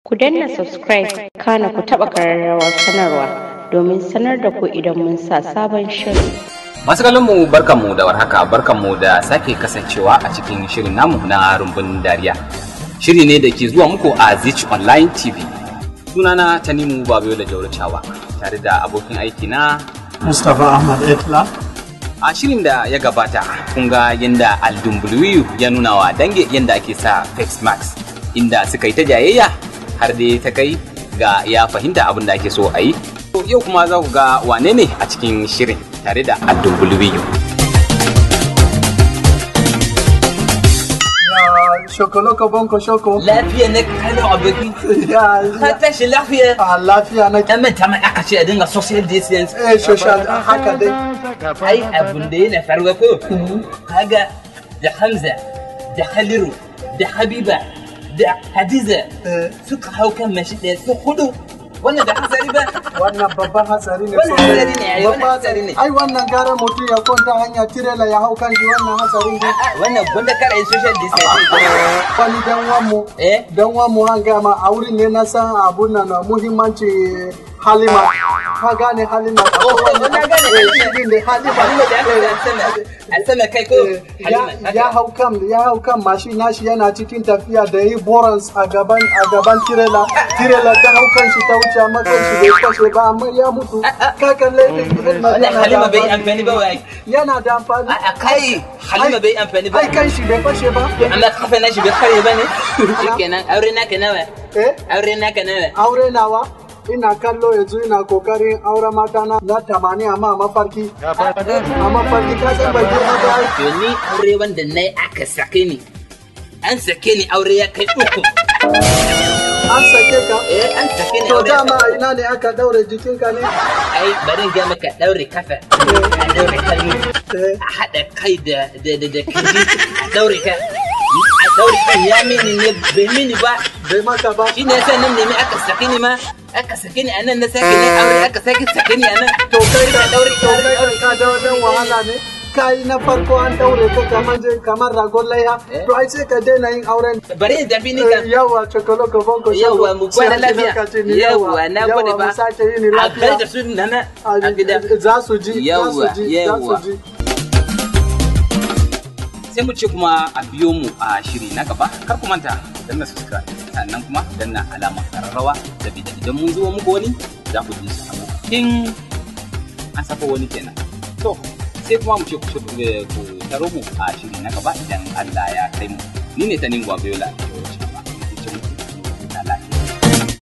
Ku danna subscribe kana ku taɓa ƙararrawar sanarwa domin sanar da ku idan mun sa sabon shirin. Masu mu mu da warhaka mu da sake kasancewa a cikin shirin namu na rumbun dariya. Shiri ne da ke zuwa muku a Zich Online TV. Sunana Tanimu Babiyo da Jauracawa tare da abokin aiki na Mustapha Ahmad Etla. A shirin da ya gabata kun ga yadda Aldun ya nuna wa dange yadda ake sa face mask inda suka yi ta jayayya har dai ta kai ga ya fahimta abin da ake so a yi yau kuma za ku ga wane ne a cikin shirin tare da abdul bulwiyo shokoloko bonko shoko lafiya na kano abokin ka tashi lafiya a lafiya na kan manta mai aka ce a dinga social distance eh social haka dai ai abun da yana faruwa ko mm-hmm. kaga da hamza da haliru da habiba da hadiza eh. suka hau kan mashi ɗaya su hudu wannan da hatsari ba wannan babban hatsari ne wannan hatsari ne ai wannan hatsari ne ai wannan gara mutum ya kwanta hanya tirela ya hau shi wannan hatsari ne wannan gunda kare social distancing eh, wani dan wamu eh? dan wamu hanga gama a ne na san abun nan muhimmanci halima ka gane halima na oh, oh, oh, gane eh, halima halima da ya sana kai ko eh, ya hau kan ya hau kan mashin nashi yana cikin tafiya da yi borans a gaban a gaban tirela tirela ta hau kan shi ta wuce amma kan shi bai kashe ba amma ya mutu eh, ka kalle mm, wallahi halima bai amfani ba wai yana da amfani a kai halima bai amfani ba ai kan shi bai kashe ba amma kafa nashi bai kare ba ne shikenan aure naka nawa eh aure naka nawa aure nawa ina kallo yanzu ina kokarin aure mata na na tamani amma a mafarki a mafarki ka san bai girma ba to ni aure wanda nayi aka sake ni an sake ni aure ya kai uku an sake ka eh an sake ni to dama ina ne aka daure jikinka ne ai bari ga maka daure kafa a daure kalmi eh. a hada kai da da da kaji daure ka a daure kan ya mini ne bai mini ba bai maka ba shine yasa nan ne aka ni ma aka sake ni anan na sake ni aure eh. aka sake sake ni anan to kai ka daure to kai ka daure wahala ne na farko an daure ka kamar je kamar ragon laiha eh. to ai ka daina yin auren bari in tafi ni kan ko bonko yawa mu na gode ba sake a nana a sai mu ce kuma a biyo mu a shiri na gaba kar ku manta dan sannan kuma danna alamar kararrawa bi idan mun zuwa muku wani za ku ji su kin an saka wani kenan to sai kuma mu ce eh, ku taro mu a shiri na gaba idan Allah ya kai mu ni ne tanin gwabeola